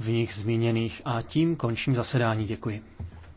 v nich zmíněných a tím končím zasedání. Děkuji.